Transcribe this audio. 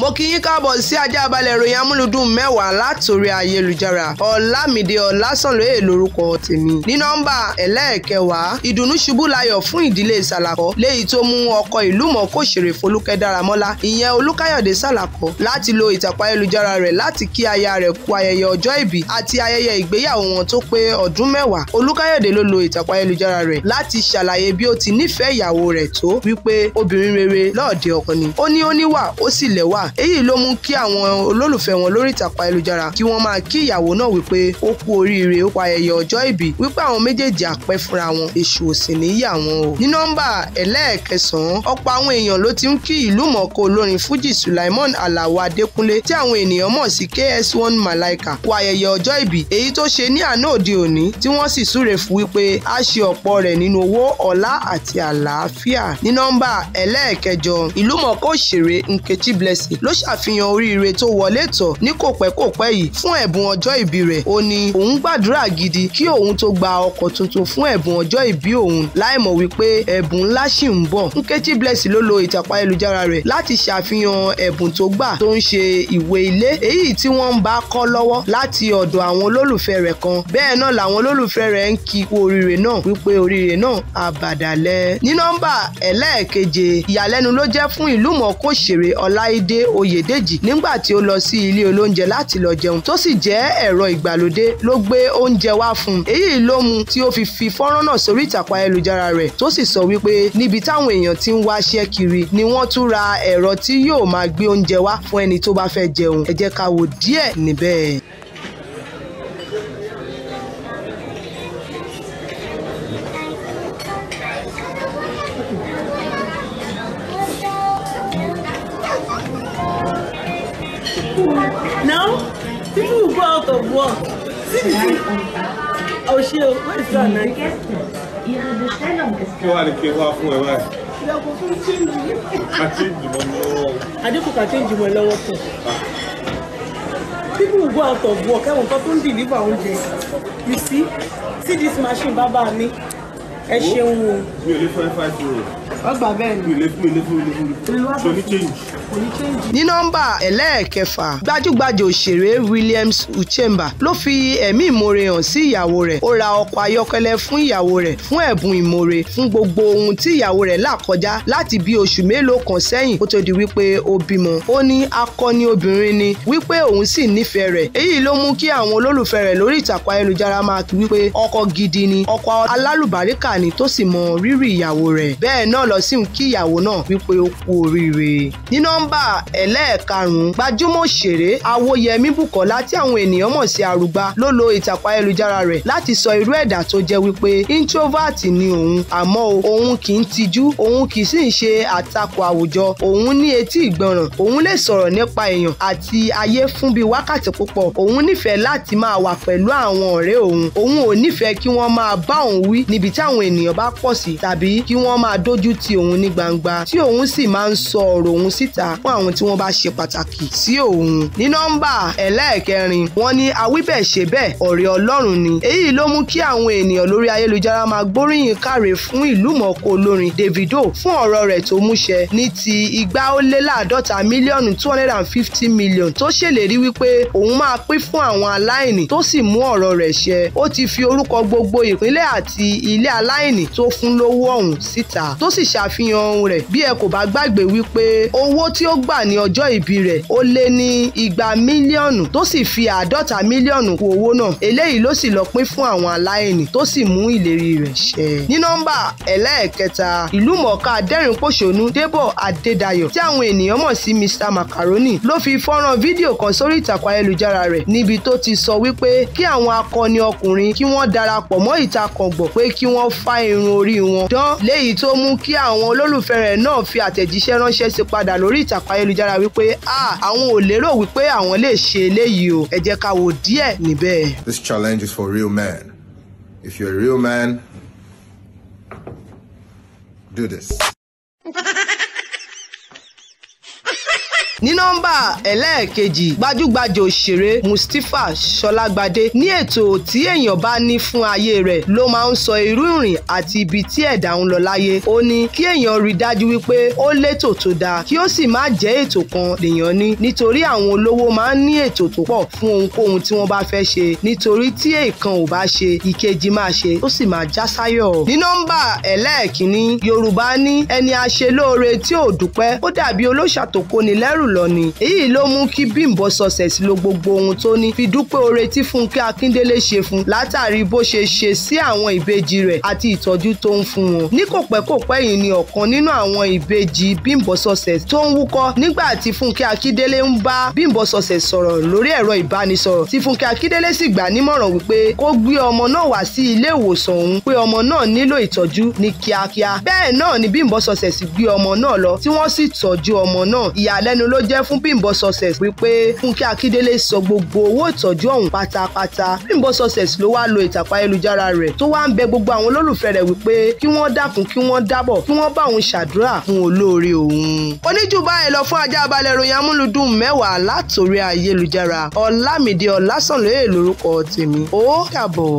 mo kí yín káàbọ̀ sí ajá balẹ̀ ìròyìn amúlùdùn mẹ́wàá látòrí ayélujára ọ̀làmídé ọ̀làsànlóye lórúkọ tèmi ní nọ́mbà ẹlẹ́ẹ̀kẹwàá ìdùnnú ṣubú layọ̀ fún ìdílé sàlàkọ́ léyìí tó mú ọkọ ìlú mọ̀ọ́kọ́ òṣèré folúkẹ́ dáramọ́lá ìyẹn olúkáyọ̀dé sàlàkọ́ láti lo ìtàkùn ayélujára rẹ̀ láti kí aya rẹ̀ kú ayẹyẹ ọjọ́ ìbí àti ayẹyẹ ìgbéyàwó wọn tó pé ọdún mẹ́wàá olúkáyọ̀dé ló lo ìtàkùn ayélujára rẹ̀ láti ṣàlàyé bí ó ti nífẹ̀ẹ́ ìyàwó rẹ̀ tó wípé obìnrin rere lọ́ọ̀dẹ̀ ọkọ ni ó ní ó èyí ló mú kí àwọn olólùfẹ́ wọn lórí ìtàkùn ayélujára kí wọ́n máa kí ìyàwó náà wípé ó kú oríire ó pa ayẹyẹ ọjọ́ ìbí wípé àwọn méjèèjì àpẹ́ fúnra wọn èṣù òsì níyà wọn o. ní nọ́mbà ẹlẹ́ẹ̀kẹsàn-án ọ̀pọ̀ àwọn èèyàn ló ti ń kí ìlú mọ̀ọ́kọ olórin fújì Sulaimon Alao Adékúnlé tí àwọn ènìyàn mọ̀ sí KS1 Malaika kú ayẹyẹ ọjọ́ ìbí èyí tó ṣe ní àná òde òní tí wọ́n sì súre fún wípé a ṣe ọ̀pọ̀ rẹ̀ nínú owó ọlá àti àlàáfíà ní nọ́mbà ẹlẹ́ẹ̀kẹjọ ìlúmọ̀ọ́ká òṣèré Nkechi Blessing ló ṣàfihàn oríire tó wọlé tọ̀ ní kò pẹ́ kò pẹ́ yìí fún ẹ̀bùn ọjọ́ ìbí rẹ̀ ó ní òun gbàdúrà gidi kí òun tó gba ọkọ̀ tuntun fún ẹ̀bùn ọjọ́ ìbí òun láìmọ̀ wípé ẹ̀bùn ńlá ṣì ń bọ̀ Nkechi Blessing ló lo ìtàpá ayélujára rẹ̀ láti ṣàfihàn ẹ̀bùn tó gbà tó ń ṣe ìwé ilé èyí tí wọ́n ń bá kọ́ lọ́wọ́ láti ọ̀dọ̀ àwọn olólùfẹ́ rẹ̀ kan bẹ́ẹ̀ náà làwọn olólùfẹ́ rẹ̀ ń kí kú oríire náà wípé oríire náà àbàdàlẹ̀ ní nọ́mbà ẹlẹ́ẹ̀keje ìyàlẹ́nu ló jẹ́ fún ìlúmọ̀ọ́kọ́ṣèré Ọláìdé Oyèdèjì nígbà tí ó lọ sí ilé olóúnjẹ láti lọ jẹun tó sì jẹ́ ẹ̀rọ ìgbàlódé ló gbé oúnjẹ wá fún un èyí ló mú tí ó fi fi fọ́nrán náà sórí ìtàkùn ayélujára rẹ̀ tó sì sọ wípé níbi táwọn èèyàn ti ń wáṣẹ́ kiri ni wọ́n tún ra ẹ̀rọ tí yóò máa gbé oúnjẹ wá fún ẹni tó bá fẹ́ jẹun ẹ ká wo díẹ̀ níbẹ̀. Now, people will go out of work. See the thing. Oh, she, What is that? man? You understand on this. Kí wàá ní I n wá fún ẹ báyìí? Ìyàwó fún change. Ká change mọ́ lọ́wọ́. Adékò ká People will go out of work. I want to deliver on this. You see, see this machine Baba mi. Ẹ oh, ṣeun o. Mi ò lè fún five euro. Ọgbà then. ni. Mi ò lè fún mi me, fún mi lè fún mi. change? ní nọ́mbà ẹlẹ́ẹ̀kẹfà gbajúgbajà òṣèré Williams Uchemba ló fi ẹ̀mí ìmoore hàn sí ìyàwó rẹ̀ ó ra ọkọ̀ ayọ́kẹ́lẹ́ fún ìyàwó rẹ̀ fún ẹ̀bùn ìmoore fún gbogbo ohun tí ìyàwó rẹ̀ là kọjá láti bí oṣù mélòó kan sẹ́yìn kó tó di wípé ó bímọ ó ní akọni obìnrin ni wípé òun sì nífẹ̀ẹ́ rẹ̀ èyí ló mú kí àwọn olólùfẹ́ rẹ̀ lórí ìtàkùn ayélujára máa kí wípé ọkọ gidi ni ọkọ alálùbáríkà ni tó sì mọ rírì ìyàwó rẹ̀ bẹ́ẹ̀ náà lọ sí kí ìyàwó nọ́mbà ẹlẹ́ẹ̀karùn-ún gbajúmọ̀ òṣèré awóyẹmí bùkọ́lá tí àwọn ènìyàn mọ̀ sí arúgbá ló lo ìtàkùn ayélujára rẹ̀ láti sọ irú ẹ̀dà tó jẹ́ wípé introvert ni òun àmọ́ òun kì í tijú òun kì í sì ń ṣe àtakò àwùjọ òun ní etí ìgbọràn òun lè sọ̀rọ̀ nípa èèyàn àti ayé fún bíi wákàtí púpọ̀ òun nífẹ̀ẹ́ láti máa wà pẹ̀lú àwọn ọ̀rẹ́ òun òun ò nífẹ̀ẹ́ kí wọ́n máa bá òun wí níbi tí àwọn ènìyàn bá pọ̀ sí tàbí kí wọ́n máa dójú ti òun ní gbangba tí òun sì máa ń sọ ọ̀rọ̀ òun síta fún àwọn tí wọ́n bá ṣe pàtàkì sí òun. ní nọ́mbà ẹlẹ́ẹ̀kẹrin wọ́n ní awíbẹ̀ ṣe bẹ́ẹ̀ ọ̀rẹ́ ọlọ́run ni. èyí ló mú kí àwọn ènìyàn lórí ayélujára máa gbóríyìn káre fún ìlúmọ̀ọ́ká olórin Davido fún ọ̀rọ̀ rẹ̀ tó múṣẹ ní ti igba ó lé láàdọ́ta mílíọ̀nù two hundred and fifty million tó ṣèlérí wípé òun máa pín fún àwọn aláìní tó sì mú ọ̀rọ̀ rẹ̀ ṣẹ. ó ti fi orúkọ gbogbo ìpínlẹ̀ àti ilé aláìní tó fún lówó ọ̀hún síta tó sì ṣàfihàn rẹ̀ bí ẹ kò bá gbàgbé wípé owó tí ó gbà ní ọjọ́ ìbí rẹ̀ ó lé ní igba mílíọ̀nù tó sì fi àádọ́ta mílíọ̀nù kú owó náà eléyìí ló sì lọ pín fún àwọn aláìní tó sì mú ìlérí rẹ̀ ṣẹ. ní nọ́mbà ẹlẹ́ẹ̀kẹta ìlúmọ̀ọ́ká dẹ́rìn-pọ̀ṣónú Débọ̀ Adédayọ̀ tí àwọn ènìyàn mọ̀ sí Mr Macaroni ló fi fọ́nrán fídíò kan sórí ìtàkùn ayélujára rẹ̀ níbi tó ti sọ wípé kí àwọn akọni ọkùnrin kí wọ́n darapọ̀ mọ́ ìtakọ̀ngbọ̀ pé kí wọ́n fá irun orí wọn dán léyìí tó mú kí àwọn olólùfẹ́ rẹ̀ náà fi àtẹ̀jíṣẹ́ ránṣẹ́ sí padà lórí ìtàkùn ayélujára wípé ah, àwọn ò lérò wípé àwọn lè ṣe eléyìí o ẹ jẹ́ ká wo díẹ̀ níbẹ̀. This challenge is for real men. If you're a real man, do this. ní nọ́mbà ẹlẹ́ẹ̀kejì gbajúgbajà òṣèré Mustapha Ṣọlágbadé ní ètò tí èèyàn bá ní fún ayé rẹ̀ ló máa ń sọ irú ìrìn àti ibi tí ẹ̀dá ń lọ láyé ó ní kí èèyàn rí dájú wípé ó létò tó dáa kí ó sì má jẹ́ ètò kan lèèyàn ní nítorí àwọn olówó máa ń ní ètò tó pọ̀ fún ohunkóhun tí wọ́n bá fẹ́ ṣe nítorí tí èèkan ò bá ṣe ìkejì máa ṣe ó sì máa já sáyọ̀ ní nọ́mbà ẹlẹ́ẹ̀kínní Yorùbá ní ẹni aṣelóore tí ò dúpẹ́ ó dàbí olóṣà tó lẹ́rù lọ ni èyí ló mú kí Bímbọ́ Success lo gbogbo ohun tó ní fi dúpẹ́ oore tí Fúnkẹ́ Akíndélé ṣe fún látàrí bó ṣe ṣe sí àwọn ìbejì rẹ̀ àti ìtọ́jú tó ń fún wọn ní kò pẹ́ kò pẹ́ yìí ni ọ̀kan nínú àwọn ìbejì Bímbọ́ Success tó ń wúkọ́ nígbà tí Fúnkẹ́ Akíndélé ń bá Bímbọ́ Success sọ̀rọ̀ lórí ẹ̀rọ ìbánisọ̀rọ̀ tí Fúnkẹ́ Akíndélé sì gbà nímọ̀ràn wípé kó gbé ọmọ náà wá sí ilé ìwòsàn òun pé ọmọ náà nílò ìtọ́jú Success gbé ọmọ náà lọ tí wọ́n sì tọ́jú ọmọ ló jẹ́ fún Bimbo Success wípé Fúnkẹ́ Akíndélé sọ gbogbo owó ìtọ́jú ọ̀hún pátápátá Bimbo Success ló wá lo ìtàkùn ayélujára rẹ̀ tó wá ń bẹ gbogbo àwọn olólùfẹ́ rẹ̀ wípé kí wọ́n dákun kí wọ́n dábọ̀ kí wọ́n bá òun ṣàdúrà fún olóore òun. oníjù báyìí lọ fún ajá balẹ̀ ìròyìn amúlùdùn mẹ́wàá látòrí ayélujára Ọlámídé Ọlásànlóye lórúkọ tèmi ó kàbọ̀.